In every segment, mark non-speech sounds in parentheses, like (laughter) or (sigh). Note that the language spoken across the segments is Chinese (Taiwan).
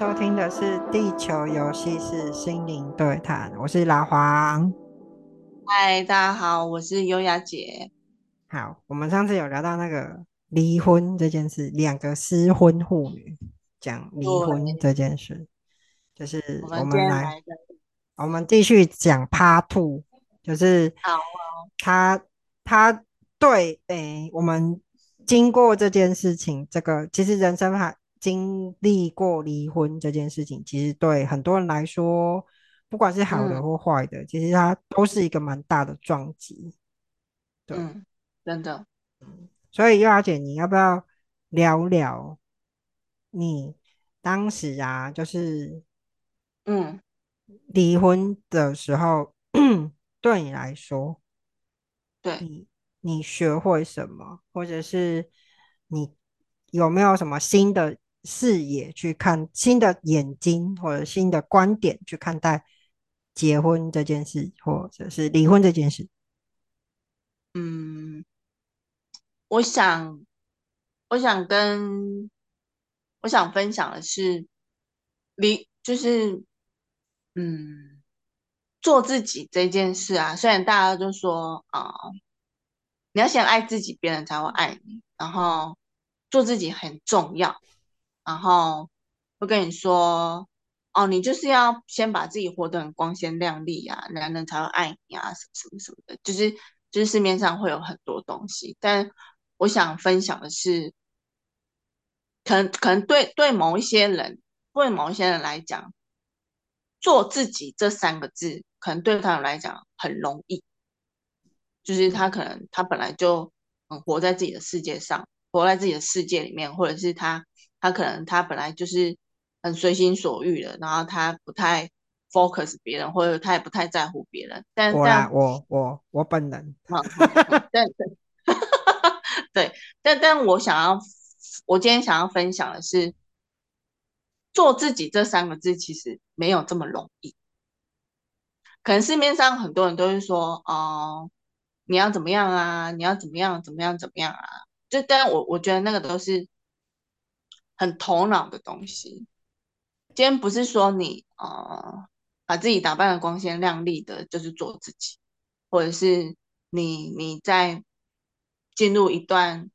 收聽的是《地球遊戲室》心靈對談，我是老黃。嗨，大家好，我是優雅姐。好，我們上次有聊到那個離婚這件事，兩個失婚婦女講離婚這件事，就是我們來，我們繼續講趴兔，就是他好、哦、他，他對誒、欸，我們經過這件事情，這個其實人生還。經歷過離婚這件事情，其實對很多人來說，不管是好的或壞的，嗯，其實它都是一個蠻大的撞擊。對、嗯，真的。所以優雅姐，你要不要聊聊你當時啊，就是嗯，離婚的時候、嗯， (coughs) 對你來說，對你，你學會什麼，或者是你有沒有什麼新的？視野去看新的眼睛，或者新的觀點去看待結婚這件事，或者是離婚這件事。嗯，我想，我想跟我想分享的是離就是嗯做自己這件事啊。雖然大家都說啊，哦，你要先愛自己，別人才會愛你。然後做自己很重要。然後會跟你說哦，你就是要先把自己活得很光鮮亮麗啊，男人才會愛你啊，什麼什麼什麼的，就是就是市面上會有很多東西。但我想分享的是，可能可能對對某一些人，對某一些人來講，做自己這三個字，可能對他們來講很容易，就是他可能他本來就很活在自己的世界上，活在自己的世界裡面，或者是他。他可能他本來就是很隨心所欲的，然後他不太 focus 別人，或者他也不太在乎別人。但我啦，我我我本人，哈， (laughs) (laughs) 對，對，但但我想要，我今天想要分享的是，做自己這三個字其實沒有這麼容易。可能市面上很多人都是說，哦、呃，你要怎麼樣啊？你要怎麼樣怎麼樣怎麼樣啊？就但我我覺得那個都是。很頭腦的東西，今天不是說你啊、呃，把自己打扮得光鮮亮麗的，就是做自己，或者是你你在進入一段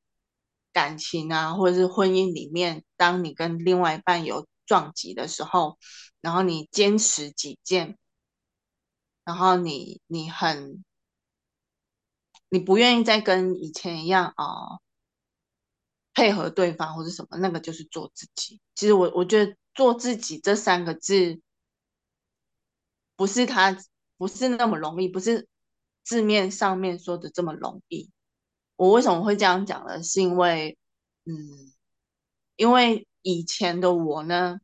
感情啊，或者是婚姻裡面，當你跟另外一半有撞擊的時候，然後你堅持己見，然後你你很，你不願意再跟以前一樣啊。呃配合對方或是什麼，那個就是做自己。其實我我覺得做自己這三個字，不是他不是那麼容易，不是字面上面說的這麼容易。我為什麼會這樣講呢？是因為，嗯，因為以前的我呢，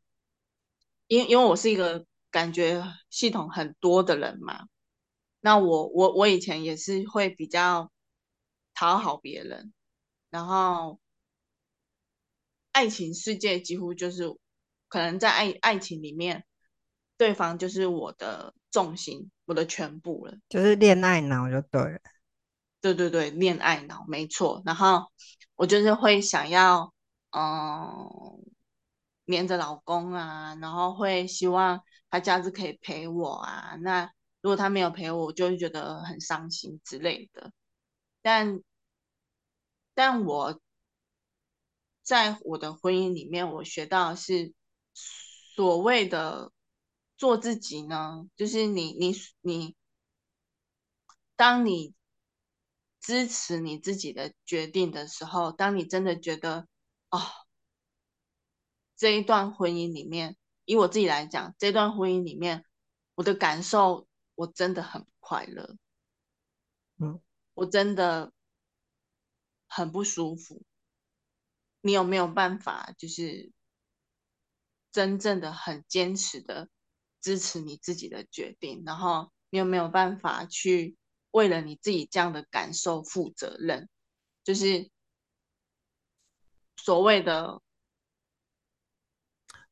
因為因為我是一個感覺系統很多的人嘛，那我我我以前也是會比較討好別人，然後，愛情世界幾乎就是，可能在愛愛情裡面，對方就是我的重心，我的全部了，就是戀愛腦就對了，對對對，戀愛腦沒錯。然後我就是會想要，嗯、呃，黏着老公啊,然後會希望他假日可以陪我啊。那如果他沒有陪我，我就會覺得很傷心之類的。但，但我。在我的婚姻裡面，我學到的是所謂的做自己呢，就是你你你，當你支持你自己的決定的時候，當你真的覺得啊、哦、這一段婚姻裡面，以我自己來講，這段婚姻裡面，我的感受，我真的很不快樂，嗯，我真的很不舒服。你有沒有辦法，就是真正的很堅持的支持你自己的決定？然後你有沒有辦法去為了你自己這樣的感受負責任？就是所謂的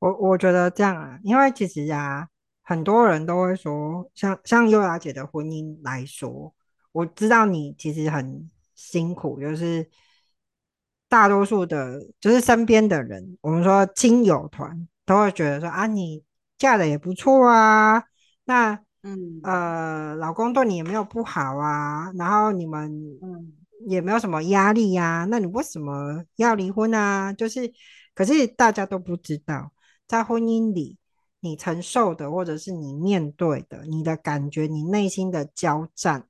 我，我我覺得這樣啊，因為其實啊，很多人都會說，像像優雅姐的婚姻來說，我知道你其實很辛苦，就是。大多數的，就是身邊的人，我們說親友團，都會覺得說啊，你嫁得也不錯啊，那嗯呃，老公對你也沒有不好啊，然後你們、嗯、也沒有什麼壓力呀，啊，那你為什麼要離婚啊？就是，可是大家都不知道，在婚姻裡你承受的，或者是你面對的，你的感覺，你內心的交戰，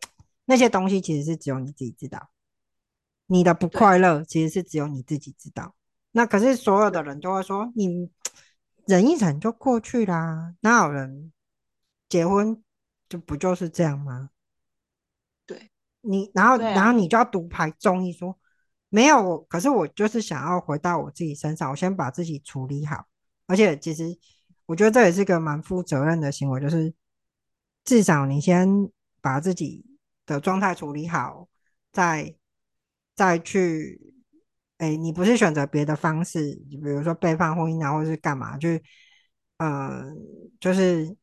(coughs) 那些東西其實是只有你自己知道。你的不快樂其實是只有你自己知道，那可是所有的人都會說你忍一忍就過去啦，哪有人結婚就不就是這樣嗎？對你，然後然後你就要獨排眾議說沒有我，可是我就是想要回到我自己身上，我先把自己處理好，而且其實我覺得這也是一個蠻負責任的行為，就是至少你先把自己的狀態處理好，再。再去，哎，你不是選擇別的方式，比如說背叛婚姻啊，或者是幹嘛去，呃，就是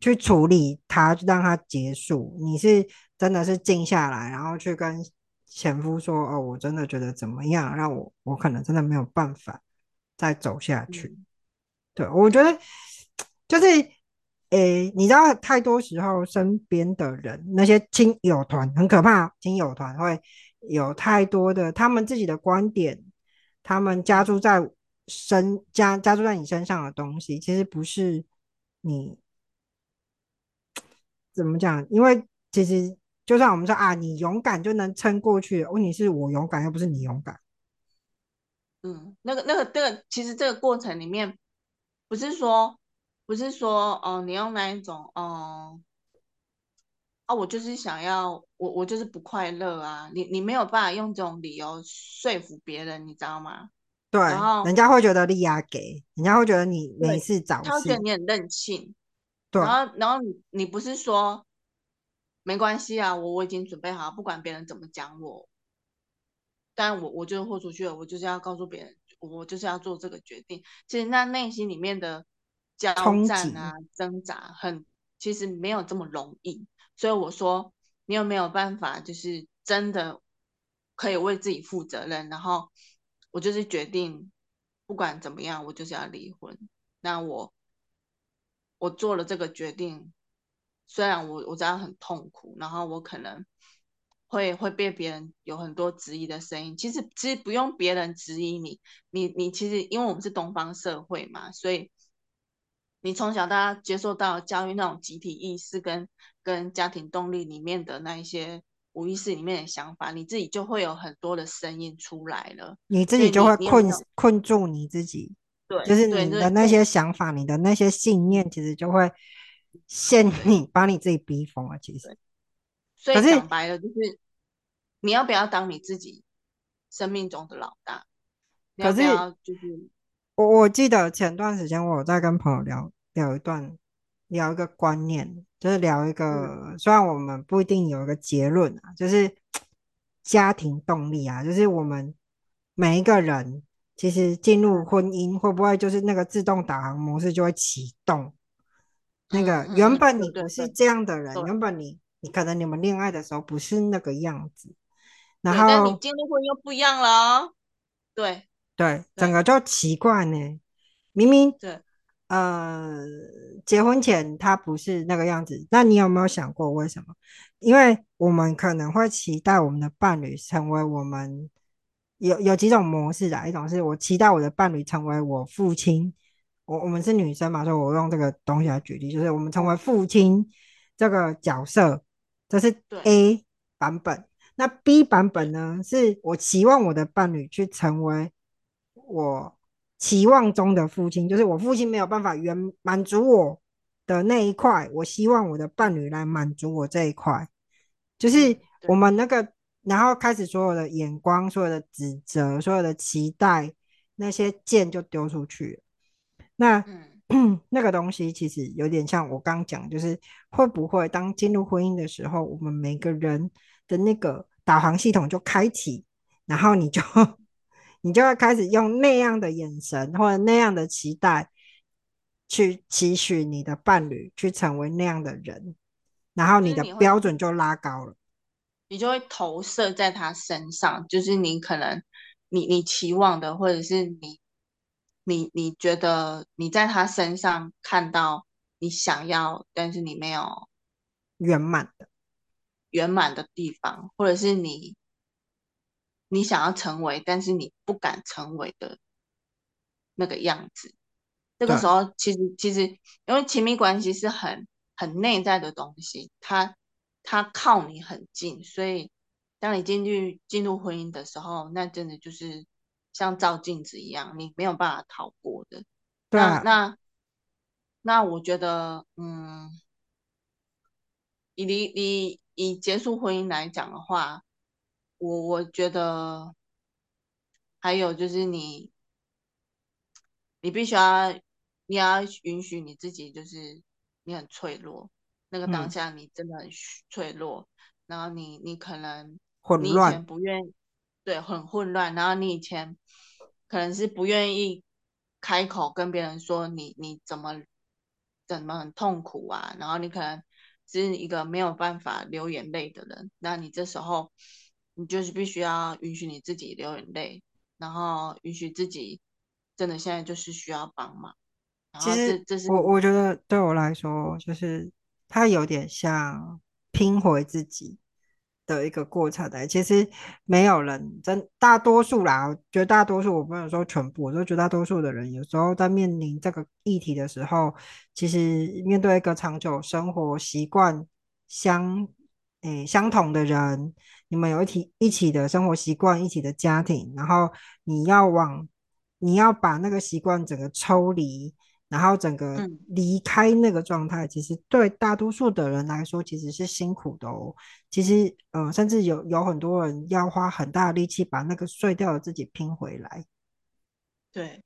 去處理它，讓它結束。你是真的是靜下來，然後去跟前夫說，哦，我真的覺得怎麼樣？讓我我可能真的沒有辦法再走下去。嗯，對，我覺得就是，哎，你知道，太多時候身邊的人，那些親友團很可怕，親友團會。有太多的他們自己的觀點，他們加注在身加加注在你身上的東西，其實不是你。怎麼講？因為其實就算我們說啊，你勇敢就能撐過去，問題是我勇敢，又不是你勇敢。嗯，那個那個這、那個，其實這個過程裡面不，不是說不是說哦，你用那一種哦。呃啊，我就是想要我，我就是不快樂啊！你你沒有辦法用這種理由說服別人，你知道嗎？對，然後人家會覺得利壓給，人家會覺得你沒事找事，他會覺得你很任性。對，然後然後你你不是說沒關係啊？我我已經準備好，不管別人怎麼講我，但我我就是豁出去了，我就是要告訴別人，我就是要做這個決定。其實那內心裡面的交戰啊、掙扎很，很其實沒有這麼容易。所以我說，你有沒有辦法，就是真的可以為自己負責任？然後我就是決定，不管怎麼樣，我就是要離婚。那我我做了這個決定，雖然我我知道很痛苦，然後我可能會會被別人有很多質疑的聲音。其實其實不用別人質疑你，你你其實因為我們是東方社會嘛，所以你從小大家接受到教育那種集體意識跟。跟家庭動力裡面的那一些無意識裡面的想法，你自己就會有很多的聲音出來了，你自己就會困困住你自己。對，就是你的那些想法，你的那些信念，其實就會陷你把你自己逼瘋了。其實，所以講白了就是、是，你要不要當你自己生命中的老大？可是，你要要就是我我記得前段時間我有在跟朋友聊聊一段。聊一個觀念，就是聊一個，嗯、雖然我們不一定有一個結論啊，就是家庭動力啊，就是我們每一個人其實進入婚姻，會不會就是那個自動導航模式就會啟動、嗯？那個原本你不是這樣的人，嗯嗯、對對對，原本你對對對，原本你，對對對你可能你們戀愛的時候不是那個樣子，然後你進入婚姻又不一樣了，哦。對對，對，整個就奇怪呢，明明對。呃、嗯，結婚前他不是那個樣子。那你有沒有想過為什麼？因為我們可能會期待我們的伴侶成為我們有有幾種模式的。一種是我期待我的伴侶成為我父親。我我們是女生嘛，所以我用這個東西來舉例，就是我們成為父親這個角色，這、就是 A 版本。那 B 版本呢？是我期望我的伴侶去成為我期望中的父親，就是我父親沒有辦法圓滿足我的那一塊，我希望我的伴侶來滿足我這一塊，就是我們那個，然後開始所有的眼光、所有的指責、所有的期待，那些劍就丟出去。那、嗯、 (coughs) 那個東西其實有點像我剛講，就是會不會當進入婚姻的時候，我們每個人的那個導航系統就開啟，然後你就。 (laughs) 你就會開始用那樣的眼神或者那樣的期待去期許你的伴侶去成為那樣的人，然後你的標準就拉高了，你就會投射在他身上，就是你可能你你期望的，或者是你你你覺得你在他身上看到你想要，但是你沒有圓滿的圓滿的地方，或者是你。你想要成為，但是你不敢成為的那個樣子。這個時候其實、啊，其實其實，因為親密關係是很很內在的東西，它它靠你很近，所以當你進去進入婚姻的時候，那真的就是像照鏡子一樣，你沒有辦法逃過的。對、啊、那那，那我覺得，嗯，以離離以，以結束婚姻來講的話。我我覺得，還有就是你，你必須要，你要允許你自己，就是你很脆弱，那個當下你真的很脆弱，嗯、然後你你可能你以前混亂，不願，對，很混亂，然後你以前可能是不願意開口跟別人說你你怎麼怎麼很痛苦啊，然後你可能是一個沒有辦法流眼淚的人，那你這時候。你就是必須要允許你自己流眼淚，然後允許自己真的現在就是需要幫忙這。其實我，我我覺得對我來說，就是它有點像拼回自己的一個過程的、欸。其實沒有人真大多數啦，絕大多數我不能說全部，我說絕大多數的人，有時候在面臨這個議題的時候，其實面對一個長久生活習慣相。呃、欸，相同的人，你們有一起一起的生活習慣，一起的家庭，然後你要往，你要把那個習慣整個抽離，然後整個離開那個狀態，嗯、其實對大多數的人來說，其實是辛苦的哦。其實，呃，甚至有有很多人要花很大的力氣把那個碎掉的自己拼回來。對，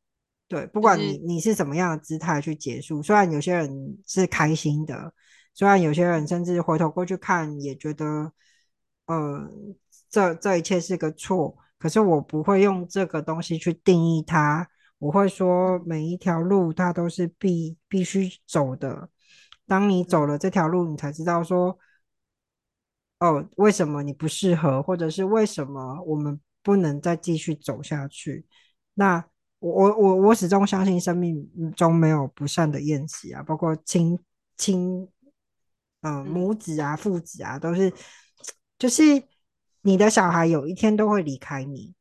對，不管你你是什麼樣的姿態去結束，雖然有些人是開心的。雖然有些人甚至回頭過去看，也覺得，呃，這這一切是個錯。可是我不會用這個東西去定義它，我會說每一條路它都是必必須走的。當你走了這條路，你才知道說，哦、呃，為什麼你不適合，或者是為什麼我們不能再繼續走下去？那我我我我始終相信生命中沒有不散的宴席啊，包括親親。嗯，母子啊，父子啊，都是就是你的小孩有一天都會離開你，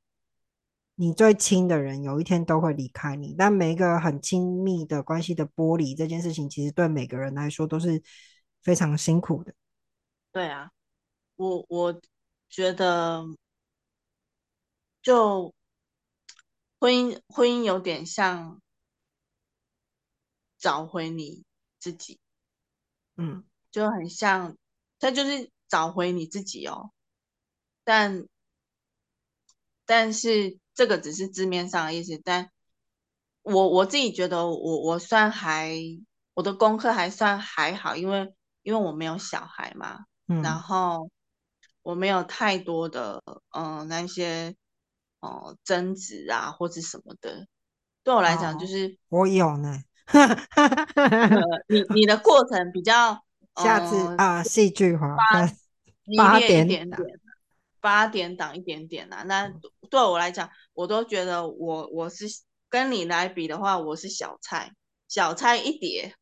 你最親的人有一天都會離開你。但每一個很親密的關係的剝離這件事情，其實對每個人來說都是非常辛苦的。對啊，我我覺得就婚姻，婚姻有點像找回你自己。嗯。就很像，他就是找回你自己哦。但但是這個只是字面上的意思，但我我自己覺得我，我我算還我的功課還算還好，因為因為我沒有小孩嘛，嗯、然後我沒有太多的嗯、呃、那些哦、呃、爭執啊或者什麼的，對我來講就是、哦、我有呢。 (laughs) 呃、你你的過程比較。下次、哦、啊，戲劇化，八點8點，八點檔一點點啊，那對我來講，我都覺得我我是跟你來比的話，我是小菜，小菜一碟。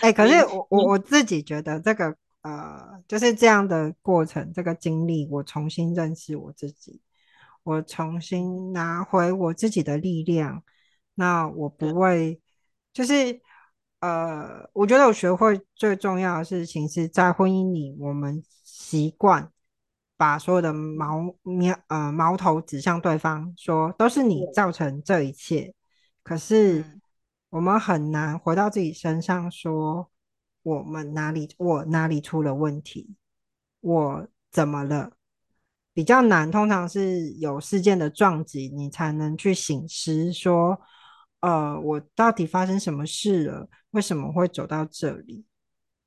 哎、 (laughs) 欸，可是我我我自己覺得這個呃，就是這樣的過程，這個經歷，我重新認識我自己，我重新拿回我自己的力量，那我不會就是。呃，我覺得我學會最重要的事情是在婚姻裡，我們習慣把所有的矛呃矛頭指向對方說，說都是你造成這一切。可是我們很難回到自己身上，說我們哪裡我哪裡出了問題，我怎麼了？比較難，通常是有事件的撞擊，你才能去省思說。呃，我到底發生什麼事了？為什麼會走到這裡？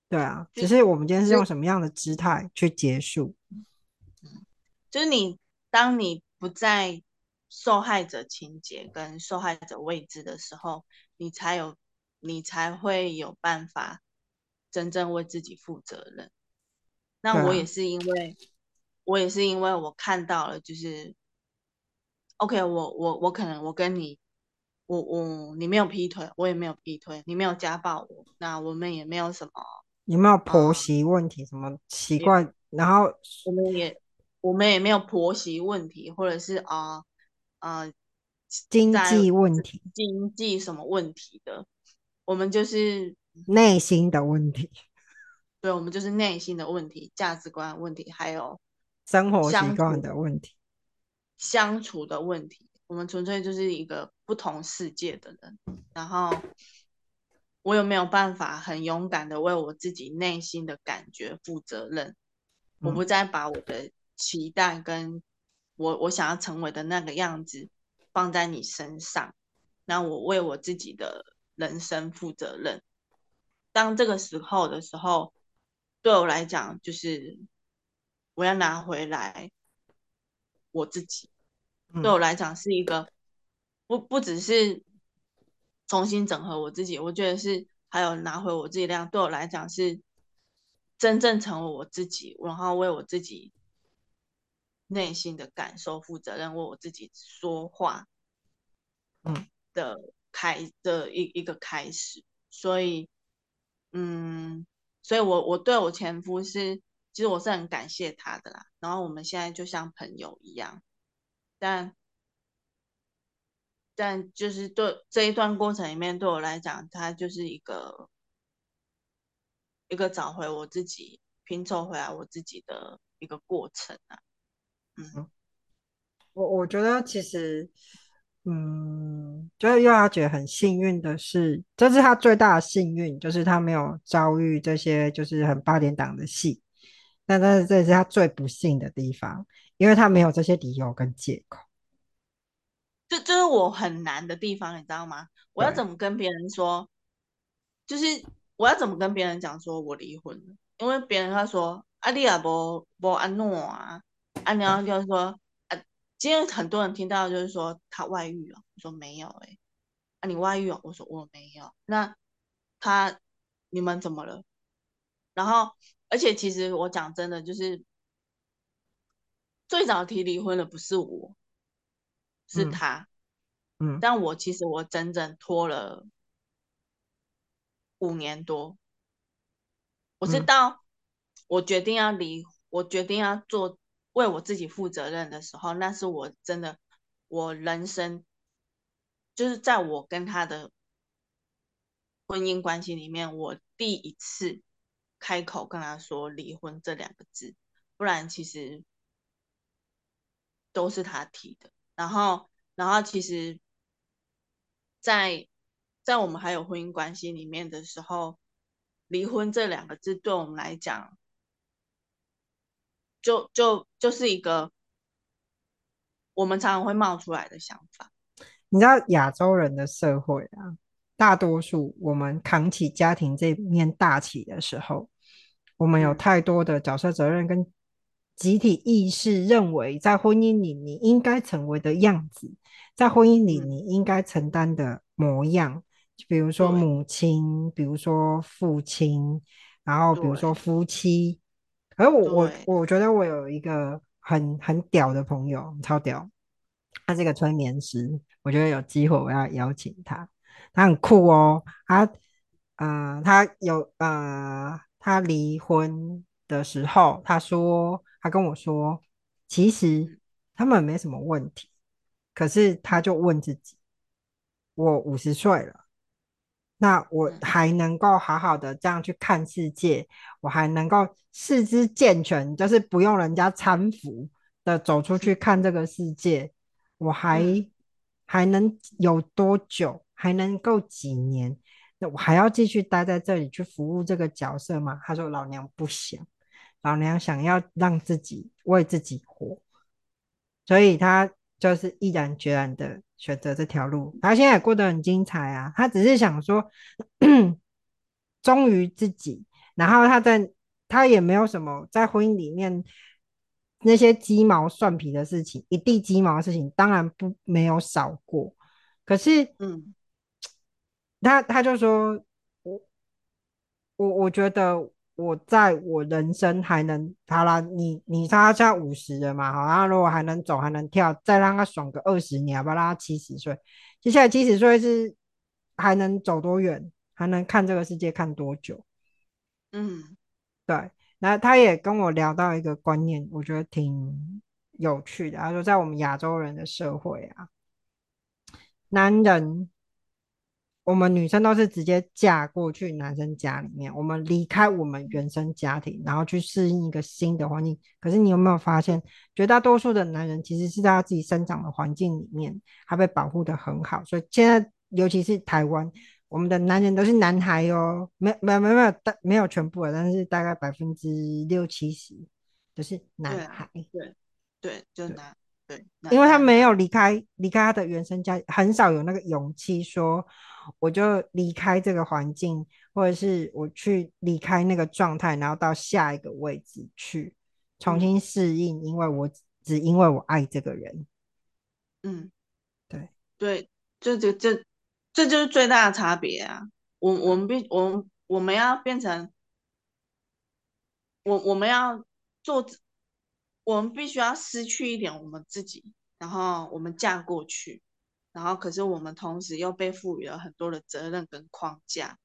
對啊，只是我們今天是用什麼樣的姿態去結束？嗯，就是你，當你不在受害者情節跟受害者位置的時候，你才有，你才會有辦法真正為自己負責任。那我也是因為，啊、我也是因為我看到了，就是，OK，我我我可能我跟你。我我，你沒有劈腿，我也沒有劈腿，你沒有家暴我，那我們也沒有什麼。你沒有婆媳問題、呃、什麼習慣，然後我們也我們也沒有婆媳問題，或者是啊呃、呃經濟問題、經濟什麼問題的，我們就是內心的問題。對，我們就是內心的問題、價值觀的問題，還有生活習慣的問題、相處的問題。我們純粹就是一個。不同世界的人，然後我有沒有辦法很勇敢的為我自己內心的感覺負責任？嗯。我不再把我的期待跟我我想要成為的那個樣子放在你身上，那我為我自己的人生負責任。當這個時候的時候，對我來講就是我要拿回來我自己。嗯。對我來講是一個。不不只是重新整合我自己，我覺得是還有拿回我自己的量，對我來講是真正成為我自己，然後為我自己內心的感受負責任，為我自己說話，嗯的開的一一個開始。所以，嗯，所以我我對我前夫是，其實我是很感謝他的啦。然後我們現在就像朋友一樣，但。但就是對這一段過程裡面，對我來講，它就是一個一個找回我自己，拼湊回來我自己的一個過程啊。嗯，嗯我我覺得其實，嗯，就是又要覺得很幸運的是，這是他最大的幸運，就是他沒有遭遇這些，就是很八點檔的戲。那但，但是這是他最不幸的地方，因為他沒有這些理由跟借口。這，就是我很難的地方，你知道嗎？我要怎麼跟別人說？就是我要怎麼跟別人講，說我離婚了？因為別人要說啊，你也不不，安諾啊？啊，然後就是說啊，今天很多人聽到就是說他外遇了，喔，我說沒有哎，欸，啊你外遇哦，喔，我說我沒有。那他，你們怎麼了？然後而且其實我講真的，就是最早提離婚的不是我。是他，嗯，嗯，但我其實我整整拖了五年多，我是到我決定要離、嗯，我決定要做為我自己負責任的時候，那是我真的，我人生就是在我跟他的婚姻關係裡面，我第一次開口跟他說離婚這兩個字，不然其實都是他提的。然後，然後其實在，在在我們還有婚姻關係裡面的時候，離婚這兩個字對我們來講，就就就是一個我們常常會冒出來的想法。你知道亞洲人的社會啊，大多數我們扛起家庭這面大旗的時候，我們有太多的角色責任跟。集體意識認為，在婚姻裡你應該成為的樣子，在婚姻裡你應該承擔的模樣，嗯，比如說母親，比如說父親，然後比如說夫妻。而我，我，我覺得我有一個很很屌的朋友，超屌，他是個催眠師。我覺得有機會，我要邀請他。他很酷哦，喔，他，呃，他有，呃，他離婚的時候，他說。他跟我說，其實他們沒什麼問題，可是他就問自己：我五十歲了，那我還能夠好好的這樣去看世界？我還能夠四肢健全，就是不用人家攙扶的走出去看這個世界？我還還能有多久？還能夠幾年？那我還要繼續待在這裡去服務這個角色嗎？他說：老娘不行。老娘想要讓自己為自己活，所以他就是毅然決然的選擇這條路。他現在也過得很精彩啊，他只是想說 (coughs) 忠於自己。然後他在他也沒有什麼在婚姻裡面那些雞毛蒜皮的事情，一地雞毛的事情當然不沒有少過。可是，嗯，他他就說我我我覺得。我在我人生還能他拉你你他差五十的嘛，好，然後如果還能走還能跳，再讓他爽個二十年，好，不讓他七十歲，接下來七十歲是還能走多遠，還能看這個世界看多久？嗯，對。然後他也跟我聊到一個觀念，我覺得挺有趣的。他說，在我們亞洲人的社會啊，男人。我們女生都是直接嫁過去男生家裡面，我們離開我們原生家庭，然後去適應一個新的環境。可是你有沒有發現，絕大多數的男人其實是在他自己生長的環境裡面，他被保護得很好。所以現在，尤其是台灣，我們的男人都是男孩哦，沒、沒、沒、沒有，大沒，沒有全部的，但是大概百分之六七十就是男孩，對對，對，就男。對對，因為他沒有離開，離開他的原生家，很少有那個勇氣說，我就離開這個環境，或者是我去離開那個狀態，然後到下一個位置去重新適應。嗯，因為我只因為我愛這個人，嗯，對對，這就這這就是最大的差別啊！我我們必我我們要變成，我我們要做。我們必須要失去一點我們自己，然後我們嫁過去，然後可是我們同時又被賦予了很多的責任跟框架。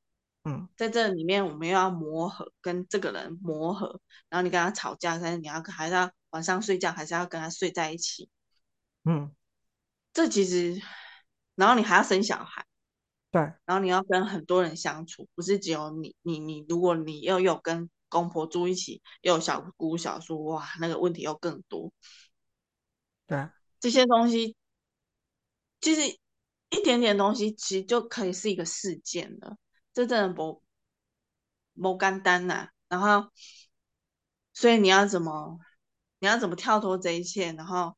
嗯，在這裡面我們又要磨合，跟這個人磨合，然後你跟他吵架，但是你要還是要晚上睡覺，還是要跟他睡在一起。嗯，這其實，然後你還要生小孩，對，然後你要跟很多人相處，不是只有你你你，你，如果你又有跟，公婆住一起，又有小姑小叔，哇，那個問題又更多。對啊，這些東西，其實一點點東西，其實就可以是一個事件了。這真的不不簡單吶啊。然後，所以你要怎麼，你要怎麼跳脫這一切，然後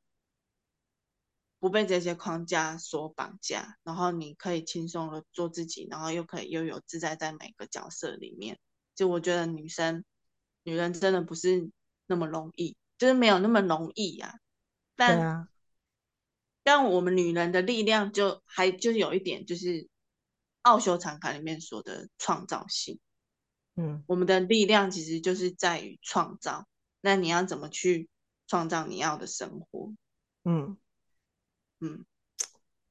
不被這些框架所綁架，然後你可以輕鬆的做自己，然後又可以悠遊自在在每個角色裡面。就我覺得女生、女人真的不是那麼容易，就是沒有那麼容易啊。但啊但我們女人的力量就，就還就是有一點，就是奧修禪卡裡面說的創造性。嗯，我們的力量其實就是在於創造。那你要怎麼去創造你要的生活？嗯嗯，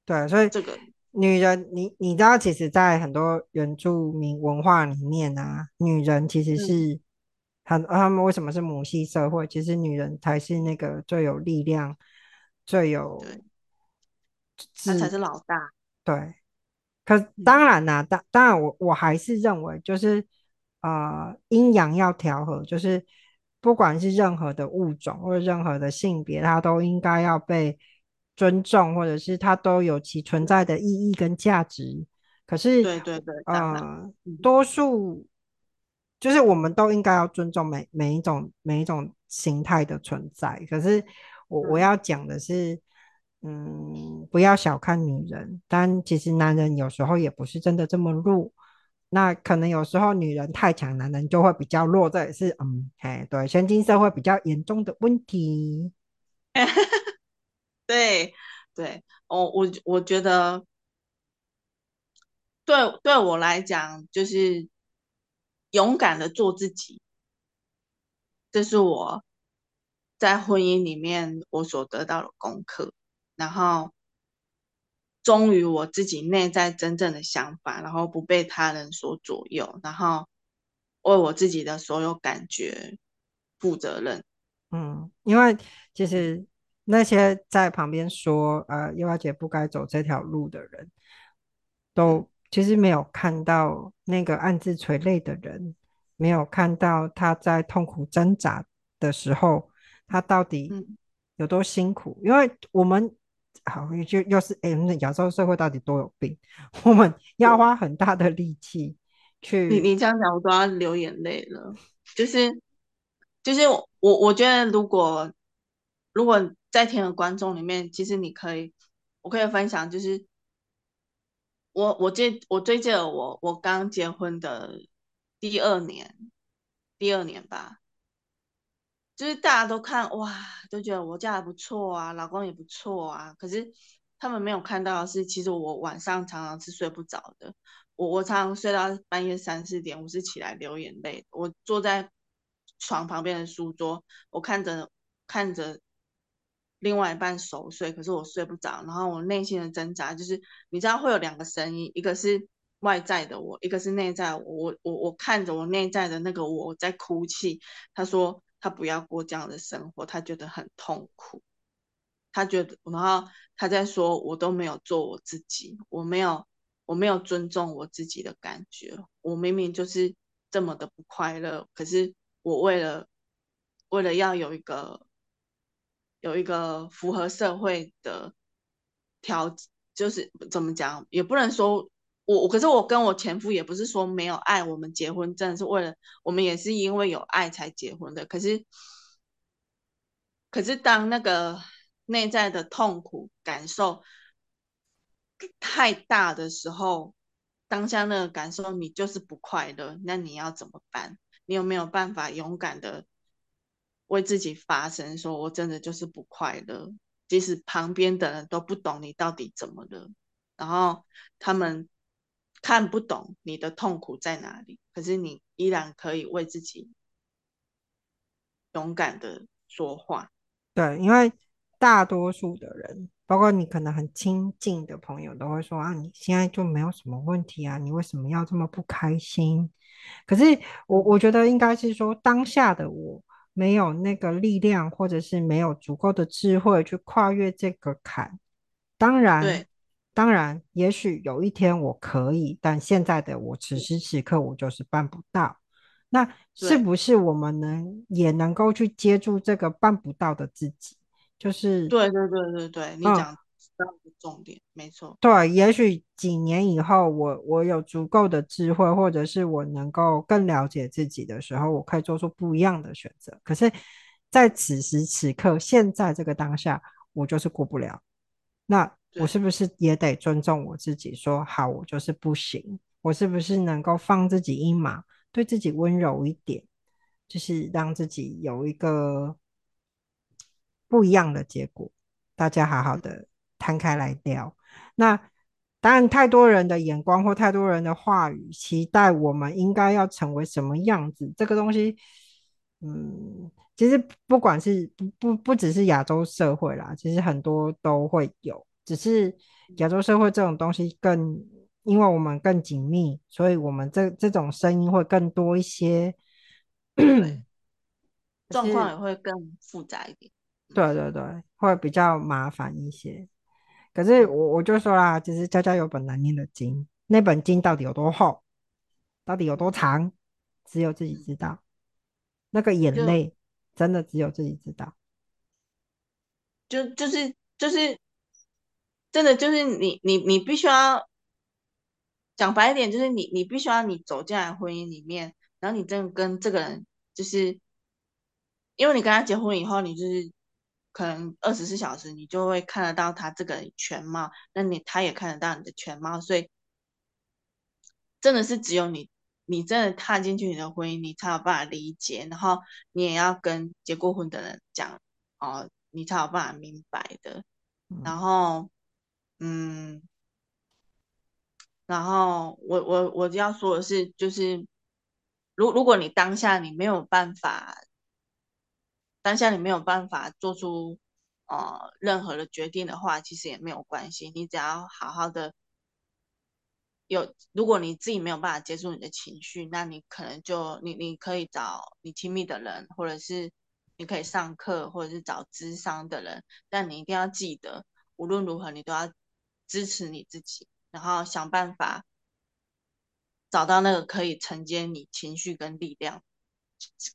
對、啊，所以這個。女人，你你知道，其實，在很多原住民文化裡面啊，女人其實是很，他、嗯、他們為什麼是母系社會？其實女人才是那個最有力量、最有，那才是老大。對，可當然啦、啊，當當然，我我還是認為，就是呃，陰陽要調和，就是不管是任何的物種或者任何的性別，它都應該要被。尊重，或者是它都有其存在的意義跟價值。可是，對對對，嗯、呃，多數就是我們都應該要尊重每每一種每一種形態的存在。可是我，我我要講的是嗯，嗯，不要小看女人，但其實男人有時候也不是真的這麼弱。那可能有時候女人太強，男人就會比較弱，這也是嗯，嘿，對，現今社會比較嚴重的問題。 (laughs) 對對，我我我覺得對，對對我來講，就是勇敢的做自己，這是我在婚姻裡面我所得到的功課。然後忠於我自己內在真正的想法，然後不被他人所左右，然後為我自己的所有感覺負責任。嗯，因為其實那些在旁邊說“呃，葉華姐不該走這條路”的人，都其實沒有看到那個暗自垂淚的人，沒有看到他在痛苦掙扎的時候，他到底有多辛苦。嗯、因為我們好，就又是哎，那、欸、亞洲社會到底多有病？我們要花很大的力氣去、嗯。去你你這樣講，我都要流眼淚了、 (laughs) 就是。就是就是我，我覺得如果如果。在天的觀眾裡面，其實你可以，我可以分享，就是我我最我最近我我剛結婚的第二年，第二年吧，就是大家都看哇，都覺得我嫁得不錯啊，老公也不錯啊，可是他們沒有看到的是，其實我晚上常常是睡不着的，我我常常睡到半夜三四點，我是起來流眼淚，我坐在床旁邊的書桌，我看着看着。另外一半熟睡，可是我睡不着。然後我內心的掙扎就是，你知道會有兩個聲音，一個是外在的我，一個是內在的我。我我我看着我內在的那個我在哭泣。他說他不要過這樣的生活，他覺得很痛苦，他覺得。然後他在說，我都沒有做我自己，我沒有我沒有尊重我自己的感覺。我明明就是這麼的不快樂，可是我為了為了要有一個。有一個符合社會的條件，就是怎麼講，也不能說我，可是我跟我前夫也不是說沒有愛，我們結婚真的是為了，我們也是因為有愛才結婚的。可是，可是當那個內在的痛苦感受太大的時候，當下那個感受你就是不快樂，那你要怎麼辦？你有沒有辦法勇敢的？為自己發聲，說我真的就是不快樂。即使旁邊的人都不懂你到底怎麼了，然後他們看不懂你的痛苦在哪裡，可是你依然可以為自己勇敢的說話。對，因為大多數的人，包括你可能很親近的朋友，都會說：“啊，你現在就沒有什麼問題啊，你為什麼要這麼不開心？”可是我我覺得應該是說，當下的我。沒有那個力量，或者是沒有足夠的智慧去跨越這個坎。當然，當然，也許有一天我可以，但現在的我，此時此刻我就是辦不到。那是不是我們能也能夠去接住這個辦不到的自己？就是對對對對對，你講。嗯重點沒錯，對，也許幾年以後我，我我有足夠的智慧，或者是我能夠更了解自己的時候，我可以做出不一樣的選擇。可是在此時此刻，現在這個當下，我就是過不了。那我是不是也得尊重我自己，說好，我就是不行？我是不是能夠放自己一馬，對自己溫柔一點，就是讓自己有一個不一樣的結果？大家好好的、嗯。攤開來聊，那當然，太多人的眼光或太多人的話語，期待我們應該要成為什麼樣子，這個東西，嗯，其實不管是不不不只是亞洲社會啦，其實很多都會有，只是亞洲社會這種東西更，嗯，因為我們更緊密，所以我們這這種聲音會更多一些，狀況也會更複雜一點，對對對，會比較麻煩一些。可是我我就說啦，其實家家有本難念的經，那本經到底有多厚，到底有多長，只有自己知道。那個眼淚真的只有自己知道。就就是就是，真的就是你你你必須要講白一點，就是你你必須要你走進來婚姻裡面，然後你真的跟這個人，就是因為你跟他結婚以後，你就是。可能二十四小時，你就會看得到他這個全貌，那你他也看得到你的全貌，所以真的是只有你，你真的踏進去你的婚姻，你才有辦法理解，然後你也要跟結過婚的人講哦，你才有辦法明白的。嗯、然後，嗯，然後我我我要說的是，就是如果如果你當下你沒有辦法。當下你沒有辦法做出呃任何的決定的話，其實也沒有關係。你只要好好的有，如果你自己沒有辦法接觸你的情緒，那你可能就你你可以找你親密的人，或者是你可以上課，或者是找諮商的人。但你一定要記得，無論如何你都要支持你自己，然後想辦法找到那個可以承接你情緒跟力量，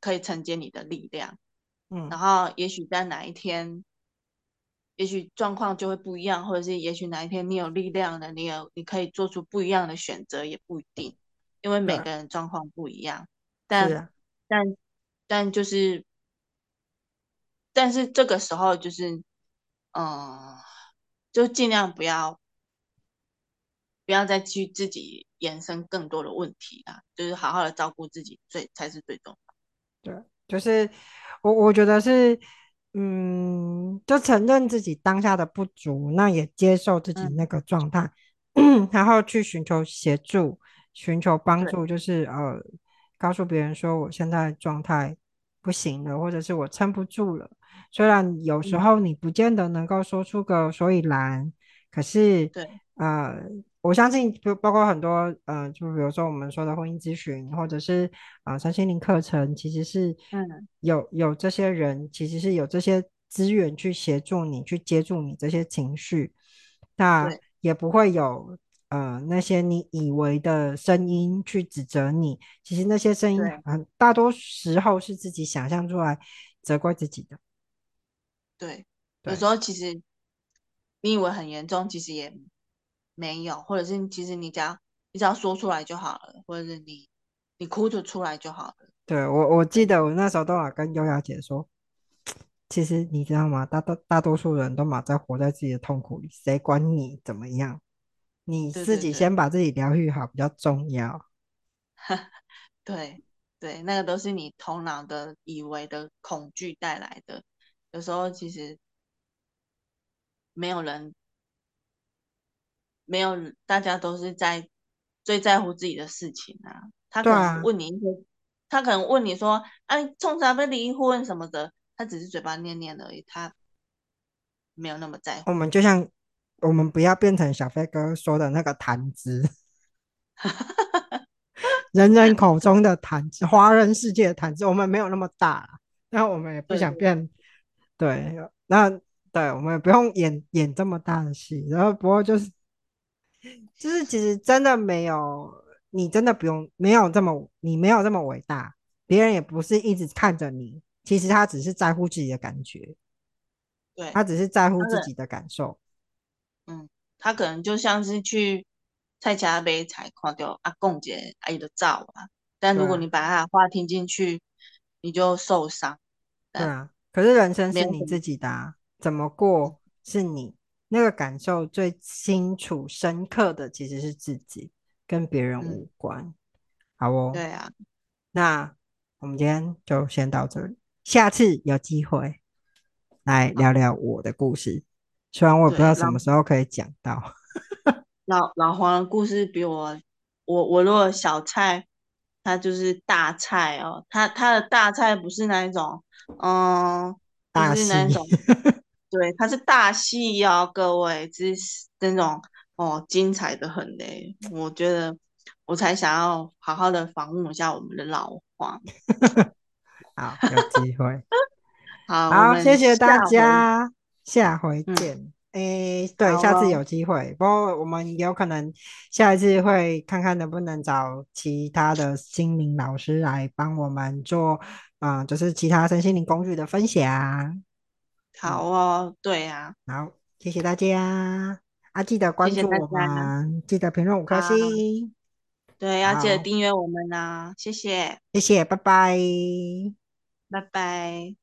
可以承接你的力量。嗯，然後也許在哪一天，嗯，也許狀況就會不一樣，或者是也許哪一天你有力量了，你有，你可以做出不一樣的選擇，也不一定，因為每個人狀況不一樣。對。但但但就是，但是這個時候就是，嗯，就盡量不要，不要再去自己延伸更多的問題了，啊，就是好好的照顧自己，最才是最重要的。對，就是。我我覺得是，嗯，就承認自己當下的不足，那也接受自己那個狀態，嗯，然後去尋求協助，尋求幫助，就是呃，告訴別人說我現在狀態不行了，或者是我撐不住了。雖然有時候你不見得能夠說出個所以然，可是呃。我相信，比包括很多，呃，就比如說我們說的婚姻諮詢，或者是啊、呃，身心靈課程，其實是有，有有這些人，其實是有這些資源去協助你去接住你這些情緒，那也不會有呃那些你以為的聲音去指責你，其實那些聲音，嗯、呃，大多時候是自己想象出來責怪自己的，對，對有時候其實你以為很嚴重，其實也。沒有，或者是其實你只要，你只要說出來就好了，或者是你，你哭着出來就好了。對，我，我記得我那時候都有跟優雅姐說，其實你知道嗎？大大大多數人都馬在活在自己的痛苦裡，誰管你怎麼樣？你自己先把自己療癒好比較重要。對對，對， (laughs) 對，對，那個都是你頭腦的以為的恐懼帶來的。有時候其實沒有人。沒有，大家都是在最在乎自己的事情啊。他可能問你一些、啊，他可能問你說：“哎，沖啥飛離婚什麼的。”他只是嘴巴念念而已，他沒有那麼在乎。我們就像我們不要變成小飛哥說的那個談資， (laughs) (laughs) 人人口中的談資，華人世界的談資。我們沒有那麼大，然後我們也不想變。對，對嗯、那對，我們也不用演演這麼大的戲。然後，不過就是。就是其實真的沒有，你真的不用，沒有這麼，你沒有這麼偉大。別人也不是一直看着你，其實他只是在乎自己的感覺，對，他只是在乎自己的感受。嗯，他可能就像是去蔡家碑才看掉阿公姐阿姨的照啊。但如果你把他的話聽進去，你就受傷。對啊，嗯，可是人生是你自己的啊，怎麼過是你。那個感受最清楚、深刻的其實是自己，跟別人無關。嗯。好哦，對啊。那我們今天就先到這裡，下次有機會來聊聊我的故事。雖然我也不知道什麼時候可以講到老 (laughs) 老，老黃的故事，比我我我如果小菜，他就是大菜哦。他他的大菜不是那一種，嗯，大是那一種。 (laughs) 對，它是大戲喲，哦，各位，這是那種哦，精彩的很嘞。我覺得我才想要好好的訪問一下我們的老黃。 (laughs) 好，有機會。 (laughs) 好，好，謝謝大家，下回見。誒、嗯，欸，對，下次有機會。不過我們有可能下一次會看看能不能找其他的心靈老師來幫我們做，啊、嗯，就是其他身心靈工具的分享。好哦，對呀、啊，好，謝謝大家啊！記得關注我們，謝謝記得評論五星，對、啊，要記得訂閱我們呢、啊，謝謝，謝謝，拜拜，拜拜。